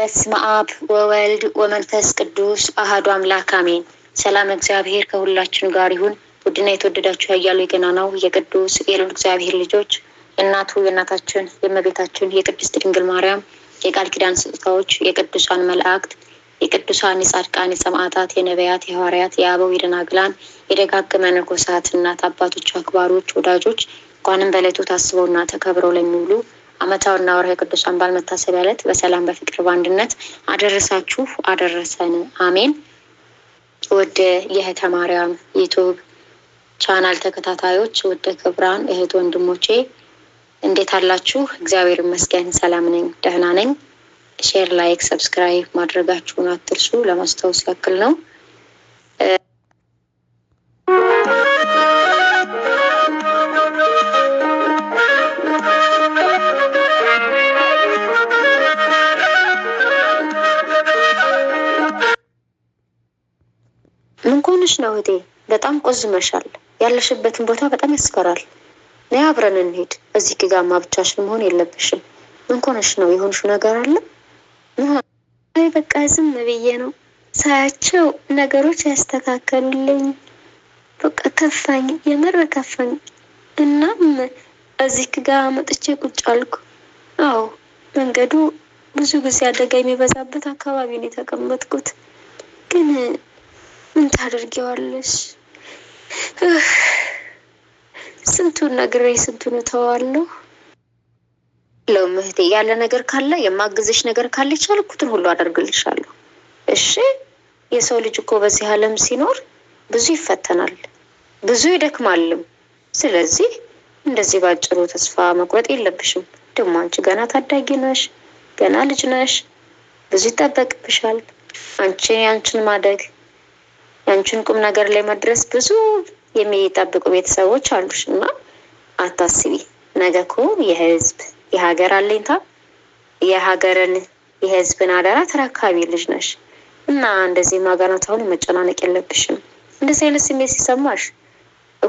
በስመ አብ ወወልድ ወመንፈስ ቅዱስ አህዱ አምላክ አሜን። ሰላም እግዚአብሔር ከሁላችን ጋር ይሁን። ውድና የተወደዳችሁ ያያሉ የገና ነው የቅዱስ የልዑል እግዚአብሔር ልጆች የእናቱ የእናታችን የእመቤታችን የቅድስት ድንግል ማርያም የቃል ኪዳን ስጦታዎች የቅዱሳን መላእክት የቅዱሳን የጻድቃን የሰማዕታት የነቢያት የሐዋርያት የአበው የደናግላን የደጋግ መነኮሳት እናት አባቶች አክባሪዎች ወዳጆች እንኳንም በዕለቱ ታስበውና ተከብረው ለሚውሉ ዓመታዊና ወርሃዊ የቅዱሳን በዓል መታሰቢያ ዕለት በሰላም በፍቅር በአንድነት አደረሳችሁ አደረሰን አሜን። ወደ የህተማርያም ዩቱብ ቻናል ተከታታዮች ውድ ክብራን እህት ወንድሞቼ እንዴት አላችሁ? እግዚአብሔር ይመስገን ሰላም ነኝ፣ ደህና ነኝ። ሼር፣ ላይክ፣ ሰብስክራይብ ማድረጋችሁን አትርሱ። ለማስታወስ ያክል ነው። ምን ኮንሽ ነው እህቴ? በጣም ቆዝመሻል። ያለሽበትን ቦታ በጣም ያስፈራል። ነይ አብረን እንሄድ። እዚህ ግጋማ ብቻሽን መሆን የለብሽም። ምን ኮነሽ ነው? የሆንሽ ነገር አለ? አይ በቃ ዝም ብዬ ነው ሳያቸው ነገሮች ያስተካከሉልኝ። በቃ ከፋኝ፣ የምር ከፋኝ። እናም እዚህ ክጋ መጥቼ ቁጭ አልኩ። አዎ መንገዱ ብዙ ጊዜ አደጋ የሚበዛበት አካባቢ ነው የተቀመጥኩት። ግን ምን ታደርጊዋለሽ? ስንቱን ነግሬ ስንቱን እተዋለሁ። ለምህቴ ያለ ነገር ካለ የማግዝሽ ነገር ካለ የቻልኩትን ሁሉ አደርግልሻለሁ። እሺ የሰው ልጅ እኮ በዚህ ዓለም ሲኖር ብዙ ይፈተናል፣ ብዙ ይደክማልም። ስለዚህ እንደዚህ ባጭሩ ተስፋ መቁረጥ የለብሽም። ደግሞ አንቺ ገና ታዳጊ ነሽ፣ ገና ልጅ ነሽ። ብዙ ይጠበቅብሻል። አንቺ ያንቺን ማደግ ያንቺን ቁም ነገር ላይ መድረስ ብዙ የሚጠብቁ ቤተሰቦች አሉሽ እና አታስቢ። ነገ እኮ የህዝብ የሀገር አለኝታ የሀገርን የህዝብን አደራ ተረካቢ ልጅ ነሽ እና እንደዚህ ሀገራት አሁን መጨናነቅ የለብሽም። እንደዚህ አይነት ስሜት ሲሰማሽ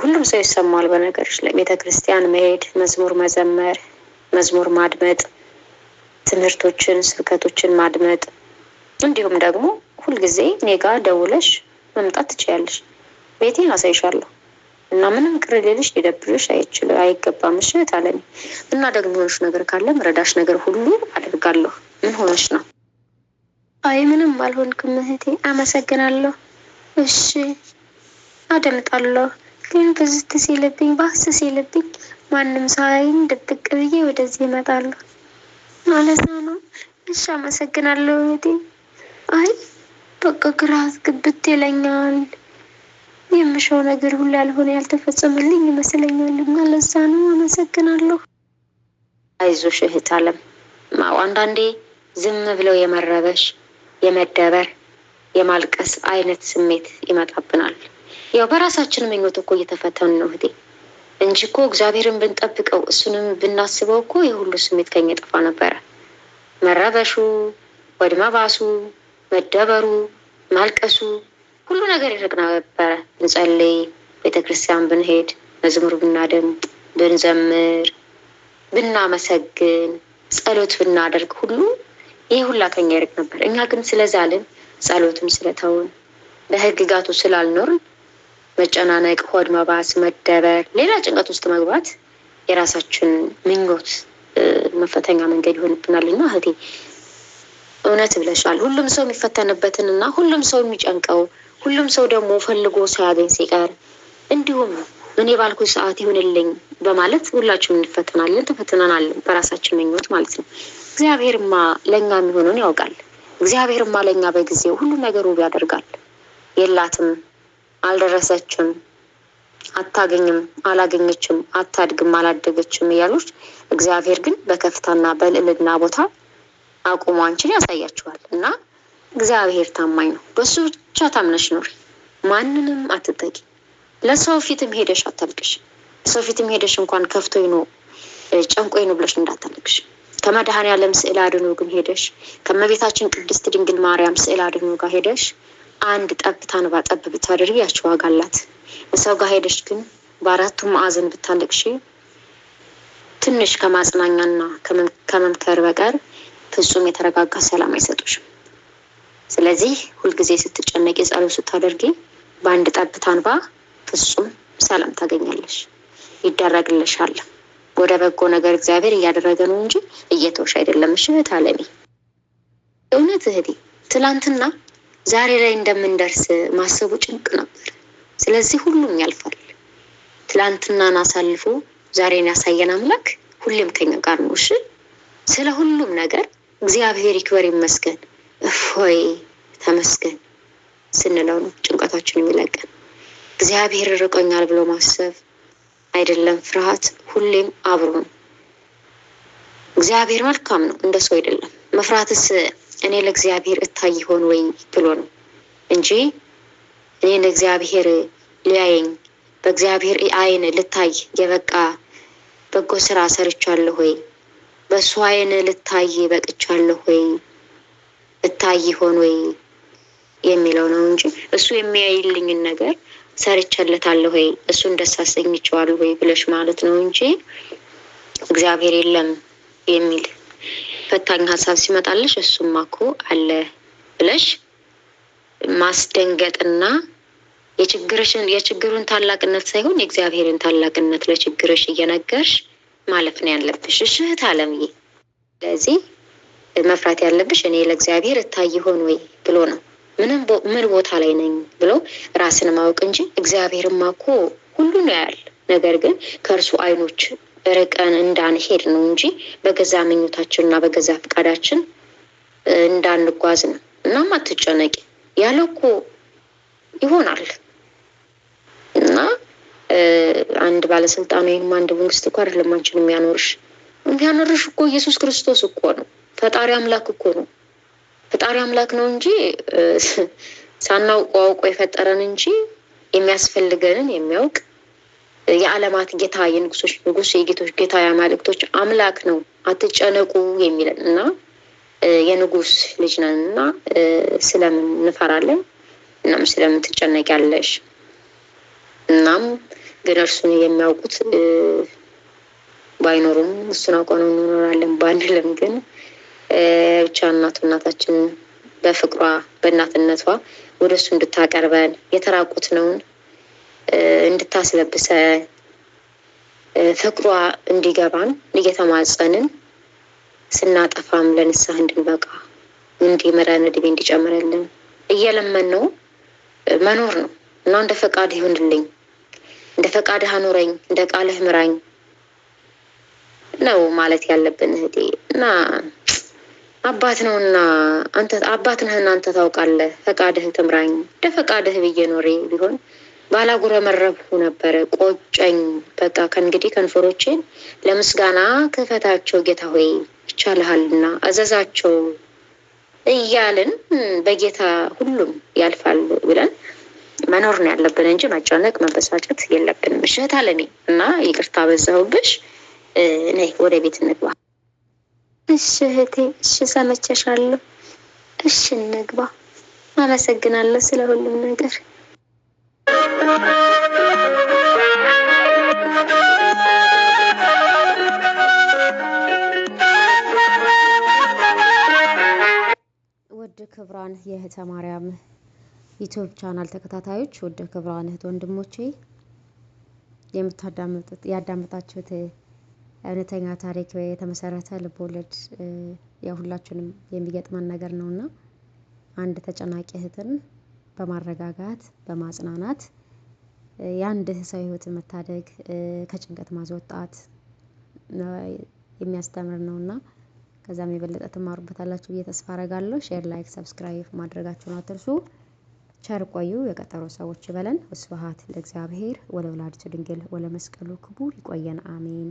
ሁሉም ሰው ይሰማል። በነገሮች ላይ ቤተክርስቲያን መሄድ፣ መዝሙር መዘመር፣ መዝሙር ማድመጥ፣ ትምህርቶችን ስብከቶችን ማድመጥ እንዲሁም ደግሞ ሁልጊዜ እኔ ጋ ደውለሽ መምጣት ትችያለሽ። ቤቴን አሳይሻለሁ እና ምንም ቅር ሌልሽ ሊደብርሽ አይችል አይገባም። እሺ ታለኝ እና ደግሞ ሆንሽ ነገር ካለ ምረዳሽ ነገር ሁሉ አደርጋለሁ። ምን ሆነሽ ነው? አይ ምንም አልሆንክም እህቴ። አመሰግናለሁ። እሺ አደምጣለሁ። ግን ብዝት ሲልብኝ ባስ ሲልብኝ ማንም ሳይን ድብቅ ብዬ ወደዚህ ይመጣለሁ ማለት ነው። እሺ አመሰግናለሁ እህቴ። አይ በቃ ግራ ግብት ይለኛል። የምሻው ነገር ሁሉ ያልሆነ ያልተፈጸመልኝ ይመስለኛል እና ለዛ ነው። አመሰግናለሁ። አይዞሽ እህት አለም። አንዳንዴ ዝም ብለው የመረበሽ የመደበር የማልቀስ አይነት ስሜት ይመጣብናል። ያው በራሳችን ምኞት እኮ እየተፈተን ነው እህቴ እንጂ እኮ እግዚአብሔርን ብንጠብቀው እሱንም ብናስበው እኮ የሁሉ ስሜት ከኛ ጠፋ ነበረ። መረበሹ ወድመባሱ መደበሩ፣ ማልቀሱ ሁሉ ነገር ይርቅ ነበረ። ብንጸልይ፣ ቤተክርስቲያን ብንሄድ፣ መዝሙር ብናደምጥ፣ ብንዘምር፣ ብናመሰግን፣ ጸሎት ብናደርግ ሁሉ ይህ ሁላ ከኛ ይርቅ ነበር። እኛ ግን ስለዛልን፣ ጸሎትም ስለተውን፣ በህግጋቱ ስላልኖርን መጨናነቅ፣ ሆድ መባስ፣ መደበር፣ ሌላ ጭንቀት ውስጥ መግባት የራሳችን ምኞት መፈተኛ መንገድ ይሆንብናል እና እህቴ እውነት ብለሻል። ሁሉም ሰው የሚፈተንበትን እና ሁሉም ሰው የሚጨንቀው ሁሉም ሰው ደግሞ ፈልጎ ሳያገኝ ሲቀር እንዲሁም እኔ ባልኩ ሰዓት ይሁንልኝ በማለት ሁላችሁም እንፈተናለን፣ ተፈትነናለን በራሳችን መኞት ማለት ነው። እግዚአብሔርማ ለእኛ የሚሆነውን ያውቃል። እግዚአብሔርማ ለእኛ በጊዜው ሁሉም ነገር ውብ ያደርጋል። የላትም፣ አልደረሰችም፣ አታገኝም፣ አላገኘችም፣ አታድግም፣ አላደገችም እያሉች እግዚአብሔር ግን በከፍታና በልዕልና ቦታ አቁሟንችን ያሳያችኋል። እና እግዚአብሔር ታማኝ ነው። በሱ ብቻ ታምነሽ ኖሪ፣ ማንንም አትጠቂ። ለሰው ፊትም ሄደሽ አታልቅሽ። ሰው ፊትም ሄደሽ እንኳን ከፍቶኝ ነው ጨንቆኝ ነው ብለሽ እንዳታልቅሽ። ከመድኃኔዓለም ስዕል አድኖ ግን ሄደሽ ከመቤታችን ቅድስት ድንግል ማርያም ስዕል አድኖ ጋር ሄደሽ አንድ ጠብታን ባጠብ ብታደርጊ ያች ዋጋ አላት። ሰው ጋር ሄደሽ ግን በአራቱ ማዕዘን ብታልቅሽ ትንሽ ከማጽናኛና ከመምከር በቀር ፍጹም የተረጋጋ ሰላም አይሰጡሽም። ስለዚህ ሁልጊዜ ስትጨነቂ፣ ጸሎት ስታደርጊ በአንድ ጠብታ እንባ ፍጹም ሰላም ታገኛለሽ። ይደረግልሻል። ወደ በጎ ነገር እግዚአብሔር እያደረገ ነው እንጂ እየተውሽ አይደለም። እሺ እህት አለሜ፣ እውነት እህቴ፣ ትላንትና ዛሬ ላይ እንደምንደርስ ማሰቡ ጭንቅ ነበር። ስለዚህ ሁሉም ያልፋል። ትላንትናን አሳልፎ ዛሬን ያሳየን አምላክ ሁሌም ከኛ ጋር ነው። እሺ ስለ ሁሉም ነገር እግዚአብሔር ይክበር ይመስገን፣ እፎይ ተመስገን ስንለው ነው ጭንቀታችን የሚለቀን። እግዚአብሔር ርቆኛል ብሎ ማሰብ አይደለም ፍርሃት፣ ሁሌም አብሮ ነው። እግዚአብሔር መልካም ነው፣ እንደ ሰው አይደለም። መፍራትስ እኔ ለእግዚአብሔር እታይ ይሆን ወይ ብሎ ነው እንጂ እኔ ለእግዚአብሔር ሊያየኝ በእግዚአብሔር አይን ልታይ የበቃ በጎ ስራ ሰርቻለሁ ወይ በእሱ ዓይን ልታይ በቅቻለሁ ወይ እታይ ሆን ወይ የሚለው ነው እንጂ እሱ የሚያይልኝን ነገር ሰርቼለታለሁ ወይ እሱ እንደሳሰኝቸዋለሁ ወይ ብለሽ ማለት ነው እንጂ እግዚአብሔር የለም የሚል ፈታኝ ሀሳብ ሲመጣለሽ እሱማ እኮ አለ ብለሽ ማስደንገጥና የችግርሽን የችግሩን ታላቅነት ሳይሆን የእግዚአብሔርን ታላቅነት ለችግርሽ እየነገርሽ ማለፍ ነው ያለብሽ። እሺ እህት አለምዬ፣ ስለዚህ መፍራት ያለብሽ እኔ ለእግዚአብሔር እታይ ይሆን ወይ ብሎ ነው። ምንም ምን ቦታ ላይ ነኝ ብሎ ራስን ማወቅ እንጂ እግዚአብሔርማ እኮ ሁሉን ያያል። ነገር ግን ከእርሱ አይኖች ርቀን እንዳንሄድ ነው እንጂ በገዛ ምኞታችን እና በገዛ ፈቃዳችን እንዳንጓዝ ነው። እናም አትጨነቂ ያለው እኮ ይሆናል እና አንድ ባለስልጣን ወይም አንድ መንግስት እኮ አይደለም አንቺን የሚያኖርሽ። የሚያኖርሽ እኮ ኢየሱስ ክርስቶስ እኮ ነው። ፈጣሪ አምላክ እኮ ነው። ፈጣሪ አምላክ ነው እንጂ ሳናውቀው አውቆ የፈጠረን እንጂ የሚያስፈልገንን የሚያውቅ የዓለማት ጌታ የንጉሶች ንጉስ የጌቶች ጌታ የአማልክቶች አምላክ ነው፣ አትጨነቁ የሚለን እና የንጉስ ልጅ ነን እና ስለምን እንፈራለን? እናም ስለምን ትጨነቂያለሽ? እናም ግን እርሱን የሚያውቁት ባይኖሩም እሱን አውቀ ነው እንኖራለን ባንልም ግን ብቻ እናቱ እናታችን በፍቅሯ በእናትነቷ ወደ እሱ እንድታቀርበን ነውን እንድታስለብሰን ፍቅሯ እንዲገባን እየተማጸንን ስናጠፋም ለንስሐ እንድንበቃ እንዲምረን ዕድሜ እንዲጨምረልን እየለመን ነው መኖር ነው እና እንደ ፈቃድ ይሁንልኝ እንደ ፈቃድህ አኑረኝ፣ እንደ ቃልህ ምራኝ ነው ማለት ያለብን እህቴ እና አባት ነውና አባት ነህና አንተ ታውቃለህ። ፈቃድህን ትምራኝ እንደ ፈቃድህ ብዬ ኖሬ ቢሆን ባላጉረመረብኩ ነበረ። ቆጨኝ በቃ ከእንግዲህ ከንፈሮቼን ለምስጋና ክፈታቸው ጌታ ሆይ ይቻልሃልና አዘዛቸው እያልን በጌታ ሁሉም ያልፋል ብለን መኖር ነው ያለብን እንጂ መጨነቅ፣ መበሳጨት የለብንም። እሸት አለሜ እና ይቅርታ በዛሁብሽ። ነይ ወደ ቤት እንግባ። እሺ እህቴ፣ እሺ ሰምቼሻለሁ። እሺ እንግባ። አመሰግናለሁ ስለ ሁሉም ነገር። ውድ ክብራን የእህተ ማርያም ዩቱብ ቻናል ተከታታዮች ወደ ክብራን እህት ወንድሞቼ የምታዳምጡት ያዳምጣችሁት እውነተኛ ታሪክ የተመሰረተ ልብ የሁላችንም የሚገጥመን ነገር ነውና አንድ ተጨናቂ እህትን በማረጋጋት በማጽናናት የአንድ ሰው ህይወት መታደግ ከጭንቀት ማስወጣት የሚያስተምር ነውና ከዛም የበለጠ ትማሩበታላችሁ ብዬ ተስፋ አረጋለሁ። ሼር፣ ላይክ፣ ሰብስክራይብ ማድረጋችሁን አትርሱ። ቸር ቆዩ። የቀጠሮ ሰዎች ይበለን። ወስብሐት ለእግዚአብሔር ወለወላዲቱ ድንግል ወለመስቀሉ ክቡር። ይቆየን። አሜን።